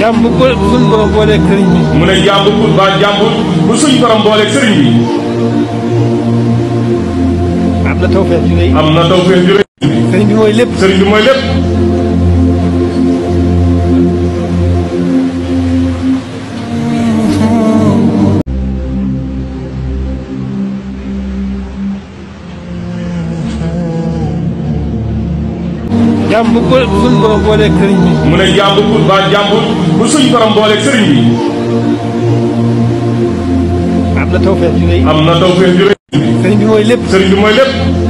jàmm bu bu suñ borom booleeg sëriñ bi. mu ne jàmm bu ba jàmm bu suñ borom booleeg sëriñ bi. am na tawfeex ju am na tawfeex ju rëy. sëriñ mooy lépp. jàmm bu suñ borom booleeg sëriñ bi. mu ne jàmm bu waa jàmm bu suñ borom booleeg sëriñ bi. am na tawfeex ju am na tawfeex ju rëy. sëriñ mooy lépp. sëriñ mooy lépp.